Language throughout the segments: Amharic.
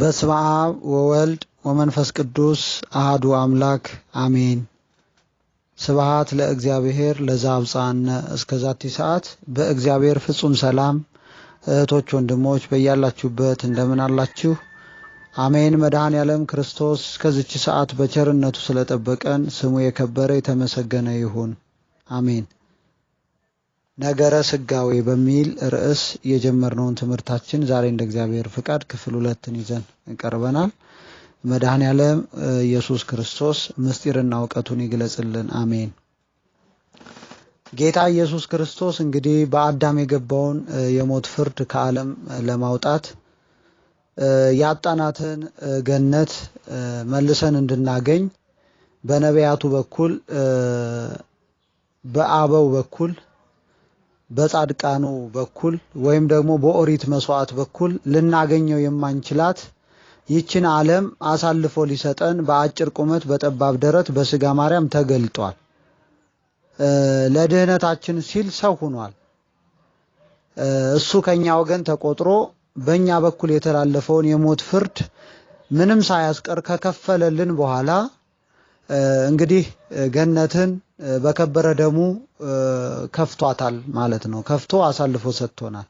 በስመ አብ ወወልድ ወመንፈስ ቅዱስ አህዱ አምላክ አሜን። ስብሃት ለእግዚአብሔር ለዘአብጽሐነ እስከ ዛቲ ሰዓት። በእግዚአብሔር ፍጹም ሰላም እህቶች ወንድሞች በያላችሁበት እንደምን አላችሁ? አሜን። መድኃኔ ያለም ክርስቶስ እስከዚች ሰዓት በቸርነቱ ስለጠበቀን ስሙ የከበረ የተመሰገነ ይሁን። አሜን። ነገረ ስጋዊ በሚል ርዕስ የጀመርነውን ትምህርታችን ዛሬ እንደ እግዚአብሔር ፍቃድ ክፍል ሁለትን ይዘን ቀርበናል። መድኃኔ ዓለም ኢየሱስ ክርስቶስ ምስጢርና እውቀቱን ይግለጽልን፣ አሜን። ጌታ ኢየሱስ ክርስቶስ እንግዲህ በአዳም የገባውን የሞት ፍርድ ከዓለም ለማውጣት ያጣናትን ገነት መልሰን እንድናገኝ በነቢያቱ በኩል በአበው በኩል በጻድቃኑ በኩል ወይም ደግሞ በኦሪት መስዋዕት በኩል ልናገኘው የማንችላት ይችን ዓለም አሳልፎ ሊሰጠን በአጭር ቁመት በጠባብ ደረት በስጋ ማርያም ተገልጧል። ለድህነታችን ሲል ሰው ሆኗል። እሱ ከኛ ወገን ተቆጥሮ በእኛ በኩል የተላለፈውን የሞት ፍርድ ምንም ሳያስቀር ከከፈለልን በኋላ እንግዲህ ገነትን በከበረ ደሙ ከፍቷታል ማለት ነው። ከፍቶ አሳልፎ ሰጥቶናል።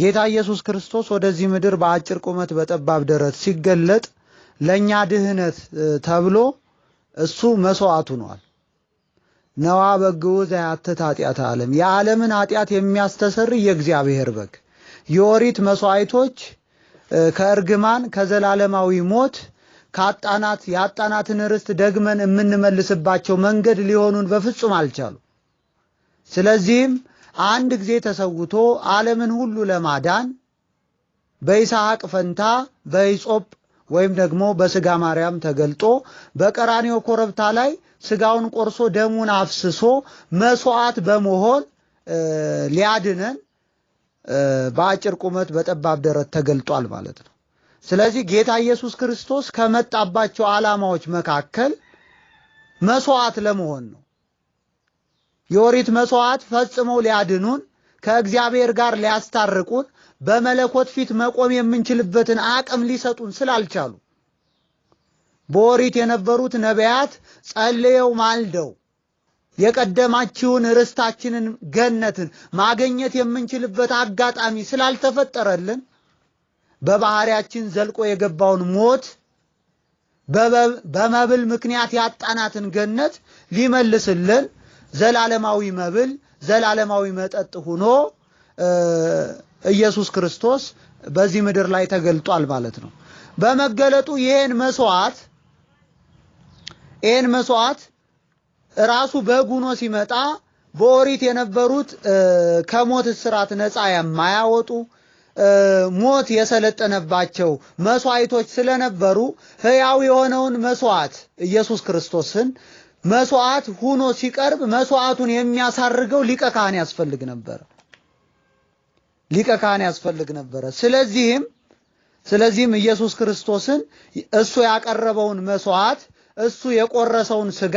ጌታ ኢየሱስ ክርስቶስ ወደዚህ ምድር በአጭር ቁመት በጠባብ ደረት ሲገለጥ ለእኛ ድህነት ተብሎ እሱ መስዋዕት ሆኗል። ነዋ በግዑ ዘያትት ኃጢአተ ዓለም፣ የዓለምን ኃጢአት የሚያስተሰር የእግዚአብሔር በግ የኦሪት መስዋዕቶች ከእርግማን ከዘላለማዊ ሞት ካጣናት ያጣናትን ርስት ደግመን የምንመልስባቸው መንገድ ሊሆኑን በፍጹም አልቻሉ። ስለዚህም አንድ ጊዜ ተሰውቶ ዓለምን ሁሉ ለማዳን በይስሐቅ ፈንታ በይጾብ ወይም ደግሞ በስጋ ማርያም ተገልጦ በቀራንዮ ኮረብታ ላይ ስጋውን ቆርሶ ደሙን አፍስሶ መስዋዕት በመሆን ሊያድነን በአጭር ቁመት በጠባብ ደረት ተገልጧል ማለት ነው። ስለዚህ ጌታ ኢየሱስ ክርስቶስ ከመጣባቸው ዓላማዎች መካከል መስዋዕት ለመሆን ነው። የኦሪት መስዋዕት ፈጽመው ሊያድኑን፣ ከእግዚአብሔር ጋር ሊያስታርቁን፣ በመለኮት ፊት መቆም የምንችልበትን አቅም ሊሰጡን ስላልቻሉ በኦሪት የነበሩት ነቢያት ጸልየው ማልደው የቀደማችውን ርስታችንን ገነትን ማግኘት የምንችልበት አጋጣሚ ስላልተፈጠረልን በባህሪያችን ዘልቆ የገባውን ሞት በመብል ምክንያት ያጣናትን ገነት ሊመልስልን ዘላለማዊ መብል ዘላለማዊ መጠጥ ሆኖ ኢየሱስ ክርስቶስ በዚህ ምድር ላይ ተገልጧል ማለት ነው። በመገለጡ ይሄን መስዋዕት ይሄን መስዋዕት ራሱ በግ ሆኖ ሲመጣ በኦሪት የነበሩት ከሞት እስራት ነፃ የማያወጡ ሞት የሰለጠነባቸው መስዋዕቶች ስለነበሩ ሕያው የሆነውን መስዋዕት ኢየሱስ ክርስቶስን መስዋዕት ሁኖ ሲቀርብ መስዋዕቱን የሚያሳርገው ሊቀ ካህን ያስፈልግ ነበር። ሊቀ ካህን ያስፈልግ ነበረ። ስለዚህም ስለዚህም ኢየሱስ ክርስቶስን እሱ ያቀረበውን መስዋዕት፣ እሱ የቆረሰውን ስጋ፣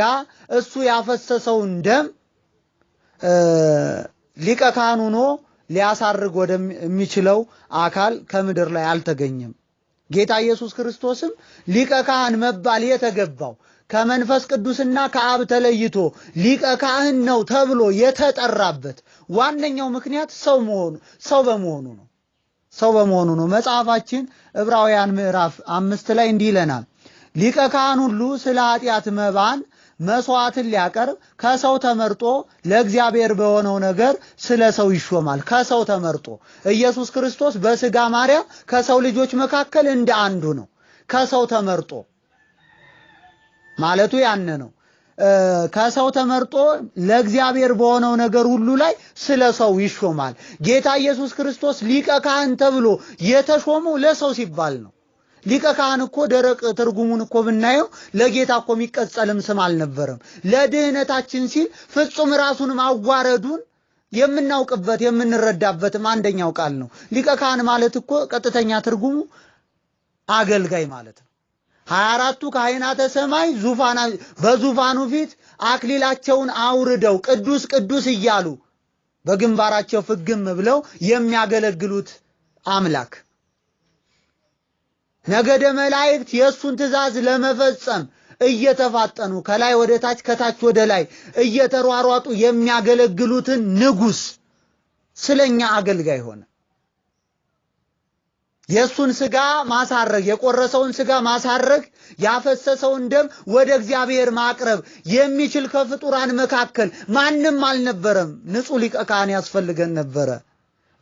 እሱ ያፈሰሰውን ደም ሊቀ ካህን ሁኖ ሊያሳርግ ወደሚችለው አካል ከምድር ላይ አልተገኘም። ጌታ ኢየሱስ ክርስቶስም ሊቀ ካህን መባል የተገባው ከመንፈስ ቅዱስና ከአብ ተለይቶ ሊቀ ካህን ነው ተብሎ የተጠራበት ዋነኛው ምክንያት ሰው መሆኑ ሰው በመሆኑ ነው። ሰው በመሆኑ ነው። መጽሐፋችን ዕብራውያን ምዕራፍ አምስት ላይ እንዲህ ይለናል፣ ሊቀ ካህን ሁሉ ስለ ኃጢአት መባን መስዋዕትን ሊያቀርብ ከሰው ተመርጦ ለእግዚአብሔር በሆነው ነገር ስለ ሰው ይሾማል። ከሰው ተመርጦ ኢየሱስ ክርስቶስ በስጋ ማርያም ከሰው ልጆች መካከል እንደ አንዱ ነው። ከሰው ተመርጦ ማለቱ ያነ ነው። ከሰው ተመርጦ ለእግዚአብሔር በሆነው ነገር ሁሉ ላይ ስለ ሰው ይሾማል። ጌታ ኢየሱስ ክርስቶስ ሊቀ ካህን ተብሎ የተሾመው ለሰው ሲባል ነው። ሊቀ ካህን እኮ ደረቅ ትርጉሙን እኮ ብናየው ለጌታ እኮ የሚቀጸልም ስም አልነበረም። ለድህነታችን ሲል ፍጹም ራሱን ማዋረዱን የምናውቅበት የምንረዳበትም አንደኛው ቃል ነው። ሊቀ ካህን ማለት እኮ ቀጥተኛ ትርጉሙ አገልጋይ ማለት ነው። ሀያ አራቱ ካህናተ ሰማይ በዙፋኑ ፊት አክሊላቸውን አውርደው ቅዱስ ቅዱስ እያሉ በግንባራቸው ፍግም ብለው የሚያገለግሉት አምላክ ነገደ መላእክት የእሱን ትእዛዝ ለመፈጸም እየተፋጠኑ ከላይ ወደ ታች ከታች ወደ ላይ እየተሯሯጡ የሚያገለግሉትን ንጉስ ስለኛ አገልጋይ ሆነ። የእሱን ስጋ ማሳረግ፣ የቆረሰውን ስጋ ማሳረግ፣ ያፈሰሰውን ደም ወደ እግዚአብሔር ማቅረብ የሚችል ከፍጡራን መካከል ማንም አልነበረም። ንጹሕ ሊቀ ካህን ያስፈልገን ነበረ።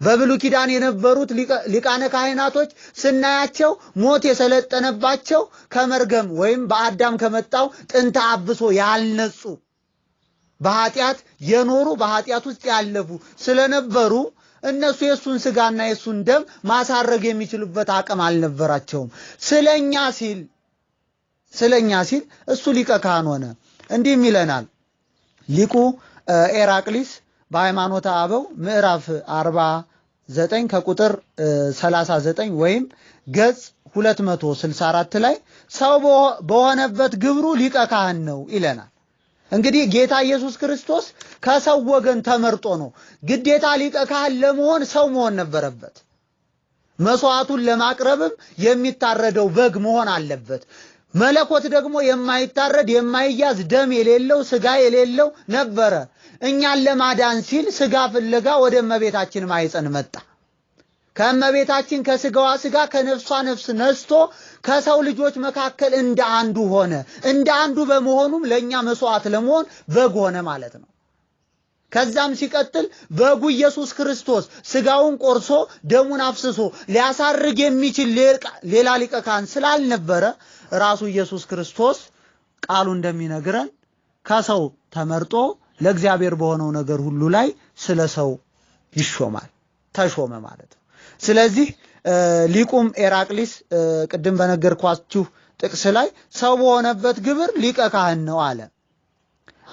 በብሉ ኪዳን የነበሩት ሊቃነ ካህናቶች ስናያቸው ሞት የሰለጠነባቸው ከመርገም ወይም በአዳም ከመጣው ጥንተ አብሶ ያልነጹ በኃጢአት የኖሩ በኃጢአት ውስጥ ያለፉ ስለነበሩ እነሱ የእሱን ስጋና የእሱን ደም ማሳረግ የሚችሉበት አቅም አልነበራቸውም። ስለኛ ሲል ስለኛ ሲል እሱ ሊቀ ካህን ሆነ። እንዲህም ይለናል ሊቁ ኤራቅሊስ በሃይማኖተ አበው ምዕራፍ አርባ 9 ከቁጥር 39 ወይም ገጽ 264 ላይ ሰው በሆነበት ግብሩ ሊቀ ካህን ነው ይለናል። እንግዲህ ጌታ ኢየሱስ ክርስቶስ ከሰው ወገን ተመርጦ ነው። ግዴታ ሊቀ ካህን ለመሆን ሰው መሆን ነበረበት። መስዋዕቱን ለማቅረብም የሚታረደው በግ መሆን አለበት። መለኮት ደግሞ የማይታረድ የማይያዝ ደም የሌለው ስጋ የሌለው ነበረ። እኛን ለማዳን ሲል ስጋ ፍለጋ ወደ እመቤታችን ማይፀን መጣ። ከእመቤታችን ከስጋዋ ስጋ ከነፍሷ ነፍስ ነስቶ ከሰው ልጆች መካከል እንደ አንዱ ሆነ። እንደ አንዱ በመሆኑም ለእኛ መስዋዕት ለመሆን በግ ሆነ ማለት ነው። ከዛም ሲቀጥል በጉ ኢየሱስ ክርስቶስ ስጋውን ቆርሶ ደሙን አፍስሶ ሊያሳርግ የሚችል ሌላ ሊቀ ካህን ስላልነበረ ራሱ ኢየሱስ ክርስቶስ ቃሉ እንደሚነግረን ከሰው ተመርጦ ለእግዚአብሔር በሆነው ነገር ሁሉ ላይ ስለ ሰው ይሾማል፣ ተሾመ ማለት ነው። ስለዚህ ሊቁም ኤራቅሊስ ቅድም በነገርኳችሁ ጥቅስ ላይ ሰው በሆነበት ግብር ሊቀ ካህን ነው አለ።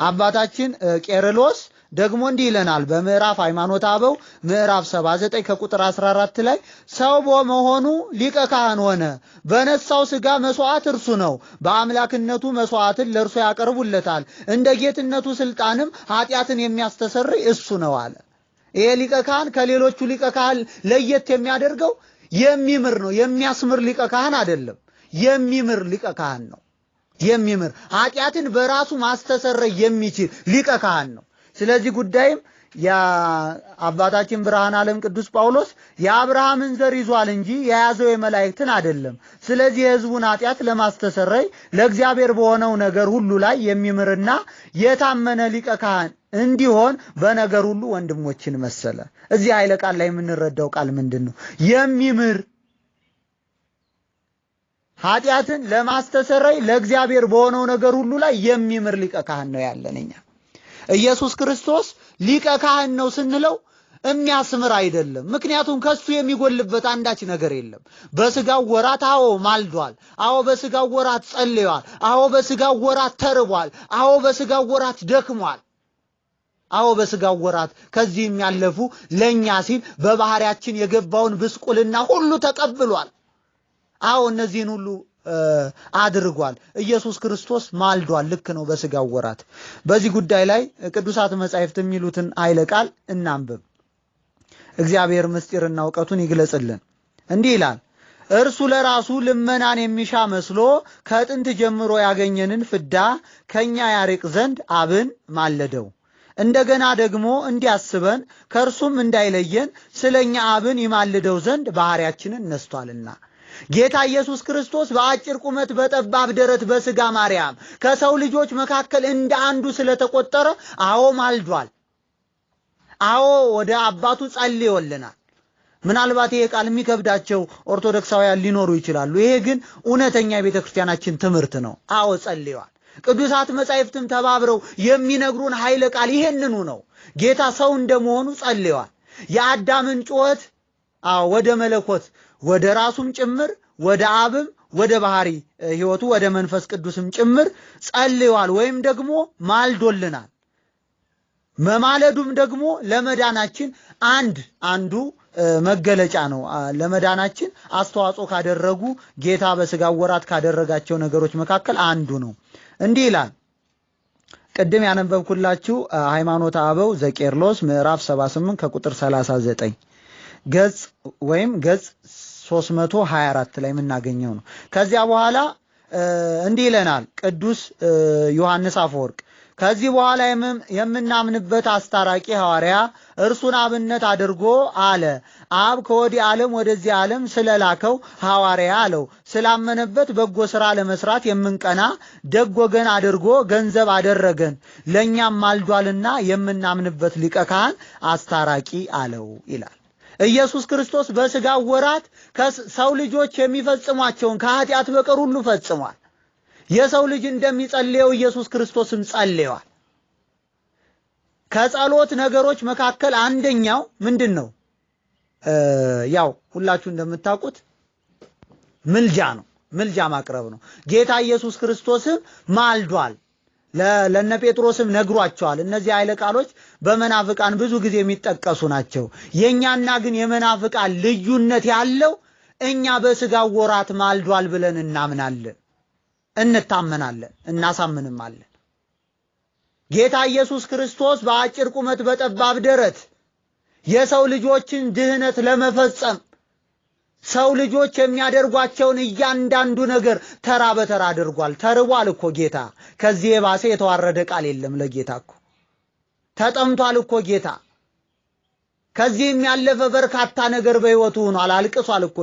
አባታችን ቄርሎስ ደግሞ እንዲህ ይለናል በምዕራፍ ሃይማኖት አበው ምዕራፍ 79 ከቁጥር 14 ላይ ሰው በመሆኑ ሊቀ ካህን ሆነ። በነሳው ስጋ መስዋዕት እርሱ ነው። በአምላክነቱ መስዋዕትን ለእርሱ ያቀርቡለታል። እንደ ጌትነቱ ስልጣንም ኃጢአትን የሚያስተሰርይ እሱ ነው አለ። ይሄ ሊቀ ካህን ከሌሎቹ ሊቀ ካህን ለየት የሚያደርገው የሚምር ነው። የሚያስምር ሊቀ ካህን አይደለም። የሚምር ሊቀ ካህን ነው። የሚምር ኃጢአትን በራሱ ማስተሰረይ የሚችል ሊቀ ካህን ነው። ስለዚህ ጉዳይም የአባታችን ብርሃን ዓለም ቅዱስ ጳውሎስ የአብርሃምን ዘር ይዟል እንጂ የያዘው የመላእክትን አይደለም። ስለዚህ የሕዝቡን ኃጢአት ለማስተሰረይ ለእግዚአብሔር በሆነው ነገር ሁሉ ላይ የሚምርና የታመነ ሊቀ ካህን እንዲሆን በነገር ሁሉ ወንድሞችን መሰለ። እዚህ ኃይለ ቃል ላይ የምንረዳው ቃል ምንድን ነው? የሚምር ኃጢአትን ለማስተሰረይ ለእግዚአብሔር በሆነው ነገር ሁሉ ላይ የሚምር ሊቀ ካህን ነው ያለን እኛ። ኢየሱስ ክርስቶስ ሊቀ ካህን ነው ስንለው የሚያስምር አይደለም። ምክንያቱም ከሱ የሚጎልበት አንዳች ነገር የለም። በስጋው ወራት አዎ ማልዷል፣ አዎ በስጋው ወራት ጸልዋል፣ አዎ በስጋው ወራት ተርቧል፣ አዎ በስጋው ወራት ደክሟል፣ አዎ በስጋው ወራት ከዚህ የሚያለፉ ለእኛ ሲል በባህሪያችን የገባውን ብስቁልና ሁሉ ተቀብሏል። አዎ እነዚህን ሁሉ አድርጓል። ኢየሱስ ክርስቶስ ማልዷል። ልክ ነው። በስጋው ወራት በዚህ ጉዳይ ላይ ቅዱሳት መጻሕፍት የሚሉትን ኃይለ ቃል እናንብብ። እግዚአብሔር ምስጢርና እውቀቱን ይግለጽልን። እንዲህ ይላል፣ እርሱ ለራሱ ልመናን የሚሻ መስሎ ከጥንት ጀምሮ ያገኘንን ፍዳ ከእኛ ያርቅ ዘንድ አብን ማለደው። እንደገና ደግሞ እንዲያስበን ከእርሱም እንዳይለየን ስለ እኛ አብን ይማልደው ዘንድ ባሕርያችንን ነስቷልና ጌታ ኢየሱስ ክርስቶስ በአጭር ቁመት በጠባብ ደረት በስጋ ማርያም ከሰው ልጆች መካከል እንደ አንዱ ስለተቆጠረ፣ አዎ ማልዷል። አዎ ወደ አባቱ ጸልዮልናል። ምናልባት ይሄ ቃል የሚከብዳቸው ኦርቶዶክሳውያን ሊኖሩ ይችላሉ። ይሄ ግን እውነተኛ የቤተ ክርስቲያናችን ትምህርት ነው። አዎ ጸልየዋል። ቅዱሳት መጻሕፍትም ተባብረው የሚነግሩን ኃይለ ቃል ይሄንኑ ነው። ጌታ ሰው እንደመሆኑ ጸልየዋል። የአዳምን ጩኸት አዎ ወደ መለኮት ወደ ራሱም ጭምር ወደ አብም ወደ ባህሪ ህይወቱ ወደ መንፈስ ቅዱስም ጭምር ጸልዋል ወይም ደግሞ ማልዶልናል። መማለዱም ደግሞ ለመዳናችን አንድ አንዱ መገለጫ ነው። ለመዳናችን አስተዋጽኦ ካደረጉ ጌታ በስጋ ወራት ካደረጋቸው ነገሮች መካከል አንዱ ነው። እንዲህ ይላል። ቅድም ያነበብኩላችሁ ሃይማኖተ አበው ዘቄርሎስ ምዕራፍ 78 ከቁጥር 39 ገጽ ወይም ገጽ 324 ላይ የምናገኘው ነው። ከዚያ በኋላ እንዲህ ይለናል ቅዱስ ዮሐንስ አፈወርቅ ከዚህ በኋላ የምናምንበት አስታራቂ ሐዋርያ እርሱን አብነት አድርጎ አለ። አብ ከወዲህ ዓለም ወደዚህ ዓለም ስለላከው ሐዋርያ አለው። ስላመነበት በጎ ሥራ ለመስራት የምንቀና ደግ ወገን አድርጎ ገንዘብ አደረገን። ለእኛም ማልዷልና የምናምንበት ሊቀ ካህን አስታራቂ አለው ይላል። ኢየሱስ ክርስቶስ በስጋ ወራት ከሰው ልጆች የሚፈጽሟቸውን ከኃጢአት በቀር ሁሉ ፈጽሟል። የሰው ልጅ እንደሚጸልየው ኢየሱስ ክርስቶስም ጸልየዋል። ከጸሎት ነገሮች መካከል አንደኛው ምንድን ነው? ያው ሁላችሁ እንደምታውቁት ምልጃ ነው። ምልጃ ማቅረብ ነው። ጌታ ኢየሱስ ክርስቶስም ማልዷል። ለነ ጴጥሮስም ነግሯቸዋል። እነዚህ ኃይለ ቃሎች በመናፍቃን ብዙ ጊዜ የሚጠቀሱ ናቸው። የእኛና ግን የመናፍቃን ልዩነት ያለው እኛ በስጋ ወራት ማልዷል ብለን እናምናለን፣ እንታመናለን፣ እናሳምንማለን። ጌታ ኢየሱስ ክርስቶስ በአጭር ቁመት በጠባብ ደረት የሰው ልጆችን ድህነት ለመፈጸም ሰው ልጆች የሚያደርጓቸውን እያንዳንዱ ነገር ተራ በተራ አድርጓል። ተርቧል እኮ ጌታ። ከዚህ የባሰ የተዋረደ ቃል የለም ለጌታ እኮ። ተጠምቷል እኮ ጌታ። ከዚህም ያለፈ በርካታ ነገር በሕይወቱ ሆኗል። አልቅሷል እኮ